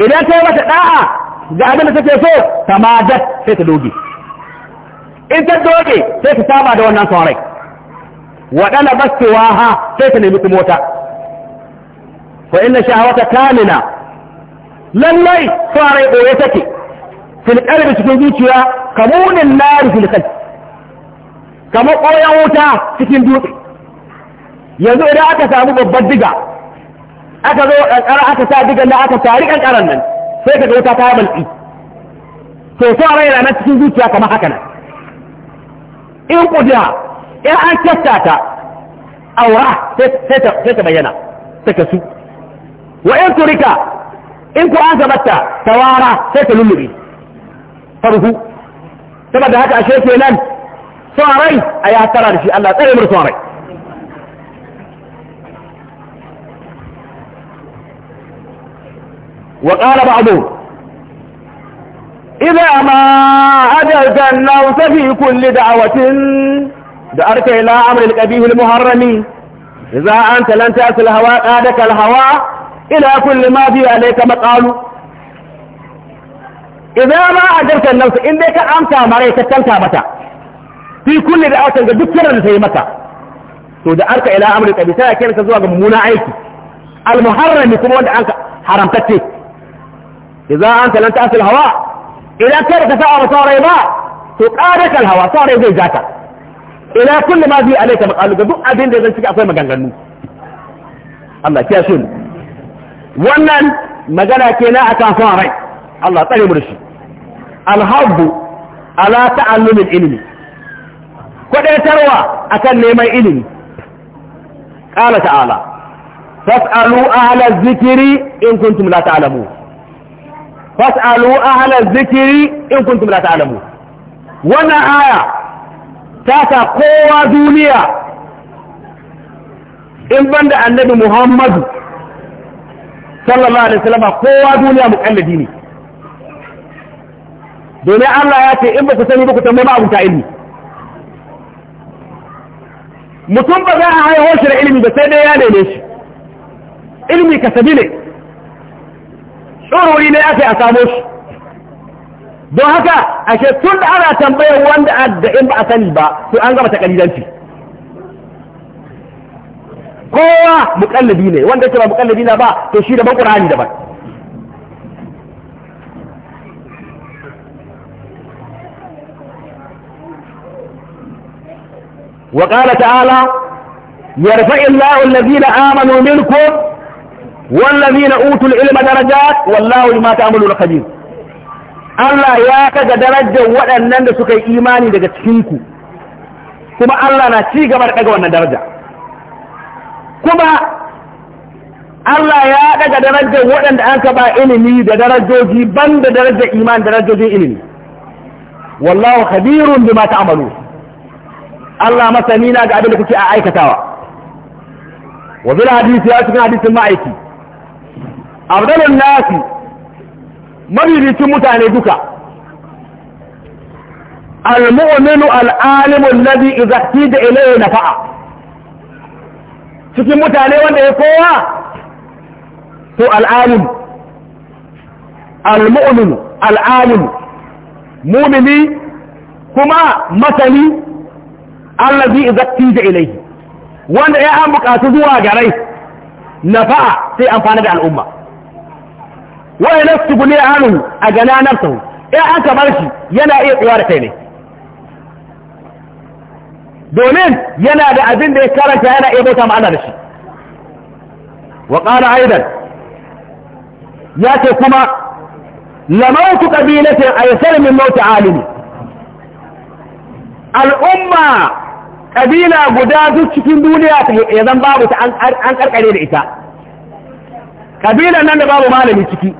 A: إذا كانت داعة ga abin da take so ta madat sai ta doge in ta waɗala bastewa ha sai ta nemi kuma wata wa inna shahawata kamina lallai farai ɓoye take fil da cikin zuciya kamunin nari fil kamar ɓoyen wuta cikin dutse yanzu idan aka samu babbar diga aka zo ƙanƙara aka sa digan nan aka tari ƙanƙaran nan sai ka ga wuta ta balɗi to farai na cikin zuciya kamar haka nan in kudiya in an kyasta ta aura sai ta bayyana ta kasu wa in turika in ku an gabata tawara sai ta lullubi farhu saboda haka ashe kenan tsarai a ya tara da shi Allah tsare mu tsarai wa qala ba'du إذا ما أدرت النوت في كل دعوة da arka ila amril qabihil muharrami idza anta lan tasil hawa qadaka al hawa ila kulli ma bi alayka maqalu idza ma ajarta an nafs in dai ka amsa mare ka tanta mata fi kulli da aka ga dukkan da sai mata to da arka ila amril qabi sai ka zuwa ga mummuna aiki al muharrami kuma wanda an haramtacce idza anta lan tasil hawa idan ka ka sa'a mata rai ba to qadaka al hawa sai zai jata ila kullu ma bi alayka maqalu duk abin da zan ciki akwai maganganu Allah ya shi wannan magana kenan akan son rai Allah tsare mu da shi alhabbu ala ta'allumil ilmi kwadaitarwa akan neman ilimi qala ta'ala fas'alu ahla dhikri in kuntum la ta'lamu fas'alu ahla dhikri in kuntum la ta'lamu wannan aya tata kowa duniya in banda annabi muhammadu sallallahu alaihi wasallam kowa duniya muƙallidi ne domin Allah ya ce in ba ku sani ba ku tambayi ma abuta ilmi mutum ba za a haihuwar shi da ilmi ba sai dai ya neme shi ilmi kasabi ne tsorori ne aka yi a samo shi don haka ashe tun da ana tambayar wanda da in ba a sani ba to an gama takalilanci kowa mukallabi ne wanda yake ba mukallabi na ba to shi daban qur'ani daban wa qala ta'ala yarfa'u Allahu alladhina amanu minkum والذين أوتوا العلم درجات والله لما تعملون خبير Allah ya kaga darajar waɗannan da suka yi imani daga cikinku kuma Allah na ci gaba da ɗaga wannan daraja kuma Allah ya ɗaga darajar waɗanda an ba ilimi da darajoji ban da darajar iman da darajojin ilimi wallahu khabirun bima ta'malu Allah masani na ga abin da kuke a aikatawa wa bil hadisi ya cikin hadisin ma'aiki abdalun nasi mabibicin mutane duka al-mu'minu al-alimu alladhi da tida ilayhi nafa'a cikin mutane wanda ya kowa to al-alim al-mu'min al-alim mu'mini kuma masani allazi idza da ilayhi wanda ya an bukatu zuwa garai fa'a sai amfana da al'umma wa ya nasu gune anu a gana nafsahu in an kamar shi yana iya tsawa da kai ne domin yana da abin da ya karanta yana iya bauta ma'ana da shi wa ƙara aidan ya ce kuma lamautu ƙabilatin a yasar min mautu alimi al'umma ƙabila guda duk cikin duniya ta ya zan babu ta an ƙarƙare da ita ƙabila nan da babu malami ciki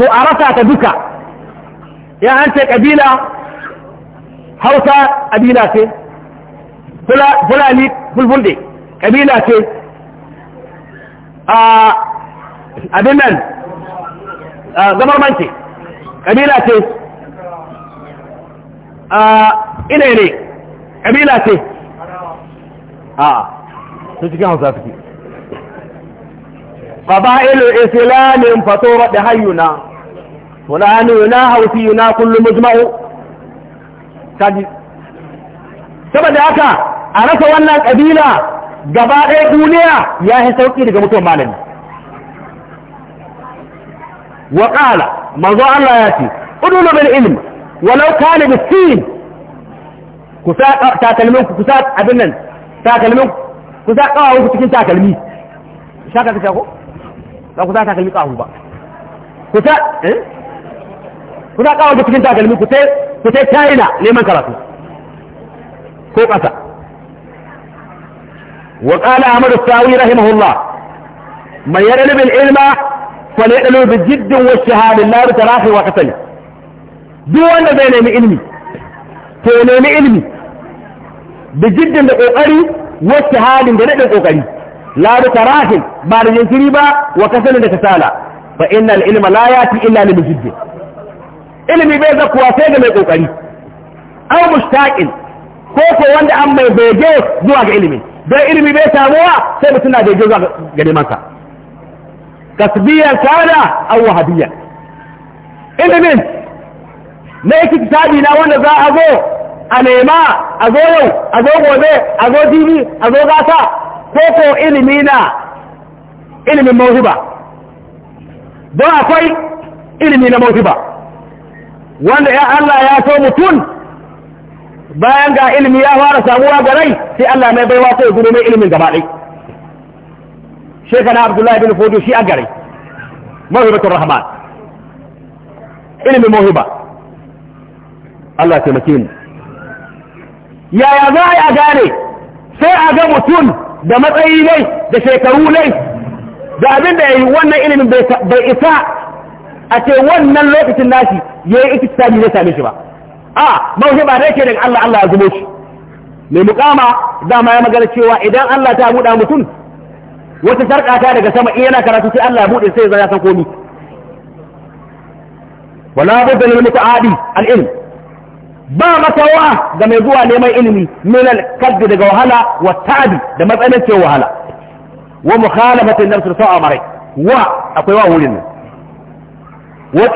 A: to a rasa ta duka ya an ce ƙabila hausa ƙabila ce fulani fulfulde ƙabila ce a abin nan zamarmanci ƙabila ce a ina ne ƙabila ce a su cikin hausa suke ƙaba'ilu islamin fatowar da hanyuna فلان يناهى فينا كل مجمع kaji saboda haka a rasa wannan kabila gaba ɗaya duniya ya yi sauƙi daga mutuwan malami wa ƙala Allah ya ce udulu bil ilm walau kana bi sin ku sa takalmin ku cikin takalmi ku za da cikin takalmi ku sai ku sai China neman karatu ko kasa wa qala Ahmad Sawi rahimahullah man yadlu bil ilma falyadlu bi jidd wa shahada la bi tarahi wa qatl duk wanda zai nemi ilmi to nemi ilmi bi jiddin da kokari wa shahadin da dadin kokari la bi tarahi ba da jinkiri ba wa kasal da kasala fa innal ilma la yati illa li jiddin ilimi bai zakuwa sai ga mai kokari aw mustaqil ko ko wanda an mai bege zuwa ga ilimi dan ilimi bai samuwa sai mutuna da bege zuwa ga neman sa kasbiyan kana aw wahabiyan ilimin ne yake kitabi na wanda za a zo a nema a zo yau a zo gobe a zo jibi a zo gata ko ko ilimi na ilimin mawhiba don akwai ilimi na mawhiba wanda ya Allah ya so mutum bayan ga ilimi ya fara samuwa ga rai sai Allah mai baiwa sai gudu mai ilimin gaba ɗai shekana abdullahi bin fodo shi a gare mahibatun rahman ilimin mahiba Allah taimake mu yaya za a a gane sai a ga mutum da matsayi ne da shekaru ne da abin da ya yi wannan ilimin bai isa a ce wannan lokacin nashi yayi iktisadi ne same shi ba a mawhi ba dai ke daga Allah Allah ya zubo shi mai mukama dama ya magana cewa idan Allah ta buɗa mutum wata sarƙa ta daga sama iya yana karatu sai Allah ya buɗe sai ya san komi wala budda lil muta'adi al ilm ba matawa ga mai zuwa neman ilimi min al kadd daga wahala wa ta'adi da matsanancin wahala wa mukhalafatin nafsi sa'a marai wa akwai wa wurin nan wa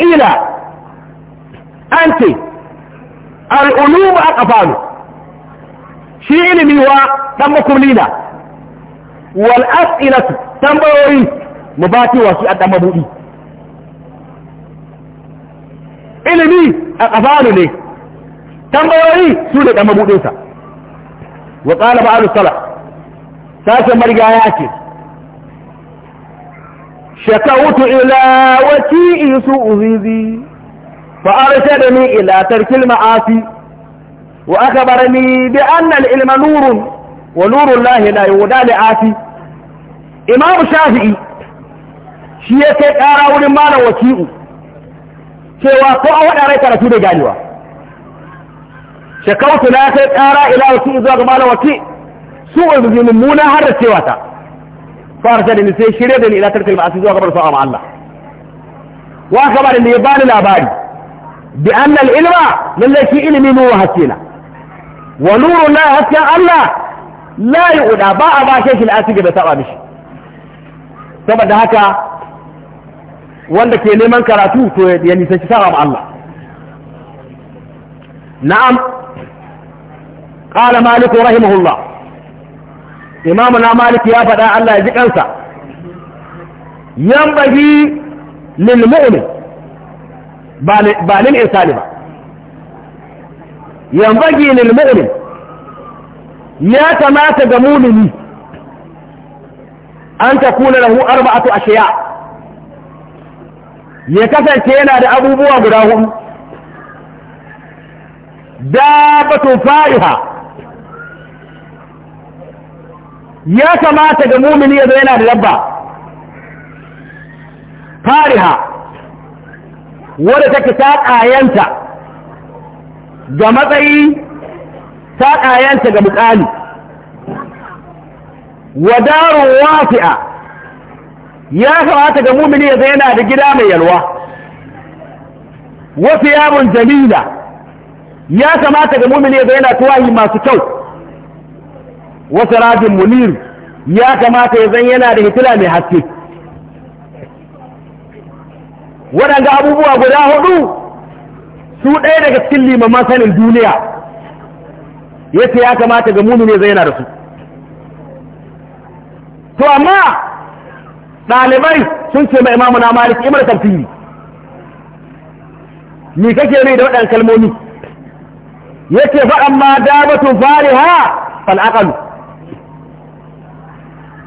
A: أنت العلوم أقفان شيء من هو تمكم لنا والأسئلة تنبوري مباتي وشيء أدمبوئي علمي أقفان لي تنبوري سورة أدمبوئي وقال بعض الصلاة ساسا مرقاياتي شكوت إلى وشيء سؤذي فأرشدني إلى ترك المعاصي وأخبرني بأن العلم نور ونور الله لا يودى لعاصي إمام شافعي shi ya kai ƙara wurin malam waki'u cewa ko an waɗa rai karatu da ganewa shekautu na kai ƙara ila waki'u zuwa ga malam waki su wanzu mummuna har da cewa ta fara da ni sai da ni Allah wa da ya bani labari بأن العلم لليك علمي موهتنا ونور الله هتيا ألا لا يؤدى باع باع شيء الأسيق بتقى مش سبب هكا وانك يلمن كراتوت يعني سيسار مع الله نعم قال مالك رحمه الله إمامنا مالك يا فتاة الله ذكرنسا ينبغي للمؤمن ba lil insani ba yanbaghi lil mu'min ya kamata ga mu'mini an ta kula da takuna lahu a shiya. ya kasance yana da abubuwa guda hudu dabatu fa'iha ya kamata ga mu'mini ya yana da dabba fariha wadda take ta ƙayanta ga matsayi ta ƙayanta ga wa wadarun wafi'a ya kamata ga mumini ya yana da gida mai yalwa wasu yawon jamila ya kamata ga mumini ya yana tuwahi masu kyau wasu rajin munir ya kamata ya zai yana da hitila mai haske waɗanda abubuwa guda hudu su ɗaya daga cikin limaman sanin duniya ya ce ya kamata ga mumini zai yana da su to amma ɗalibai sun ce mai imamu na malik imar tafsiri ni kake ne da waɗannan kalmomi yake faɗan ma dabatun fariha fal'aqalu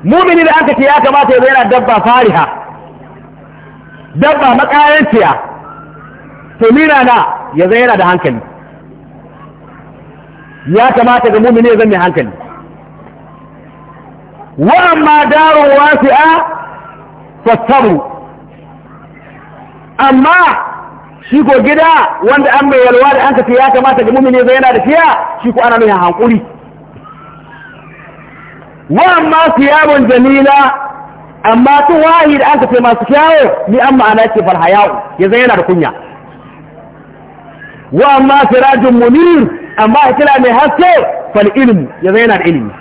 A: mumini da aka ce ya kamata ya yana dabba fariha dabba makayantiya to mina na ya zai yana da hankali ya kamata ga mumini zan mai hankali wa amma darun wasi'a fasabu amma shi ko gida wanda an mai yalwa da an ya kamata ga mumini zai yana da fiya shi ko ana mai hankuri wa amma siyabun jamila amma tun wahayi da an ka ce masu kyawo ni an ma'ana ce farhayawo ya zai yana da kunya wa amma sirajin munir amma hitila mai haske fal ilmu ya zai yana da ilimi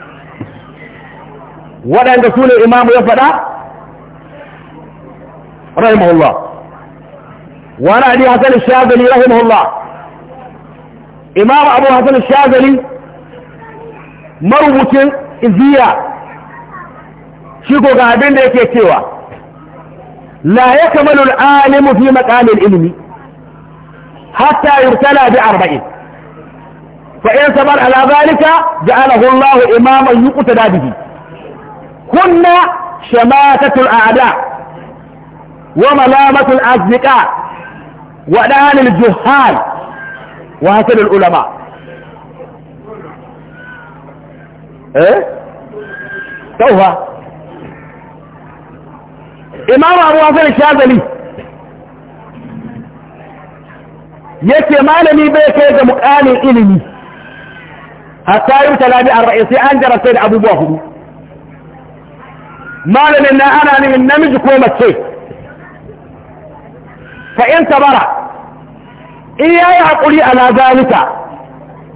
A: waɗanda su ne imamu ya faɗa rahimahullah wani adi hasan shazali rahimahullah imamu abu hasan shazali marubucin iziya shi ga abin da yake cewa la ya al-alimu fi maqami ilmi hatta yurtala bi arba'in fa in sabar ala zalika ja'alahu Allah imaman yuqtada bihi kunna shamatatu al'ada ada wa malamatu al-azniqa wa dan al-juhal wa al-ulama eh tawha imam abu hasan shazali ce malami bai kai ga mukamin ilimi hatta yi talabi a ra'i sai an jarasa da abubuwa hudu malamin na ana nufin namiji ko mace fa in sabara in yayi hakuri a zalika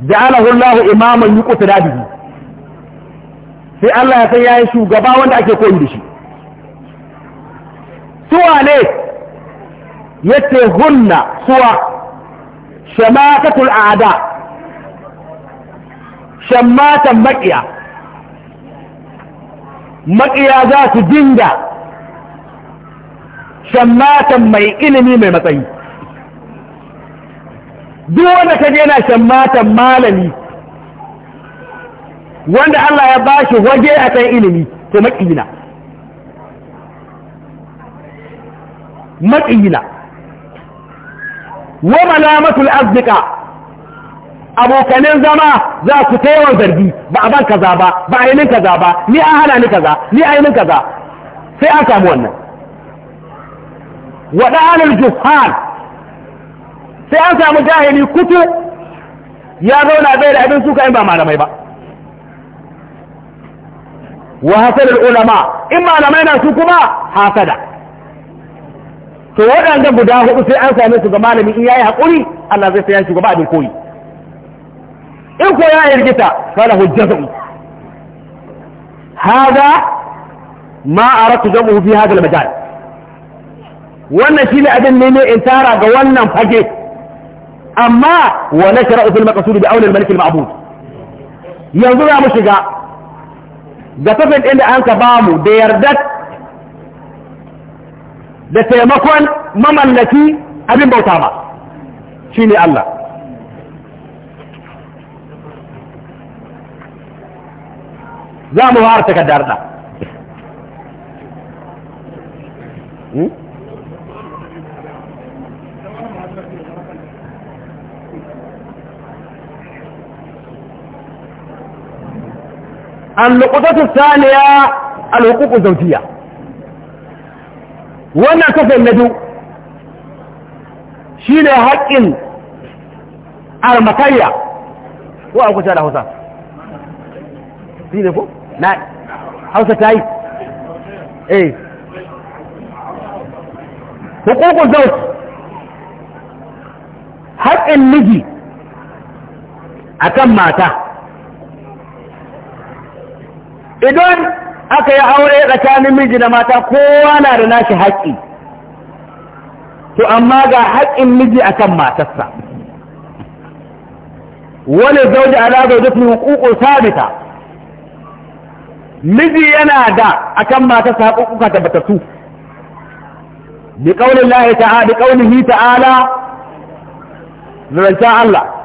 A: da Allah imaman yuqtada biyu, sai Allah ya san yayi shugaba wanda ake koyi da shi suwa ne yace hunna suwa shamatatul a'da shammatan maƙiya maƙiya za su dinga shammatan mai ilimi mai matsayi duk wanda ka yana shammatan malami wanda Allah ya bashi waje a kan ilimi ko maƙina maƙila wa malamatul arzika abokanen zama za ku ta yawan zargi ba a ban kaza ba ba a yi min kaza ba ni an hana ni kaza ni a yi min kaza sai an samu wannan wa ɗanar juhal sai an samu jahili kutu ya zauna bai da abin suka in ba malamai ba wa hasadar ulama in malamai na su kuma hasada to waɗanda guda hudu sai an same su ga malami in yayi haƙuri Allah zai sayan shugaba abin koyi in ko ya irgita fala hujjatu hada ma aratu jamu fi hada al-majal wannan shine abin ne ne in tara ga wannan fage amma wa nashra'u fil maqsud bi awl al-malik al-ma'bud yanzu za mu shiga ga tafin inda an ka bamu da yardar da taimakon mamallaki abin bauta ba shi ne Allah za mu har takardar da اللقطة الثانية الحقوق الزوجية wannan kasan na biyu shi ne haƙƙin armakayya ko a kusa da hausa shi ne ko?
B: na hausa ta yi eh
A: hukukun zaus haƙƙin miji a kan mata idan aka yi aure tsakanin miji da mata kowa na da nashi haƙƙi to amma ga haƙƙin miji akan matarsa wani zauji ala zaujatun hukuku sabita miji yana da akan matarsa hukuka tabbatattu bi qaulin lahi ta'ala bi qaulihi ta'ala
B: zancen Allah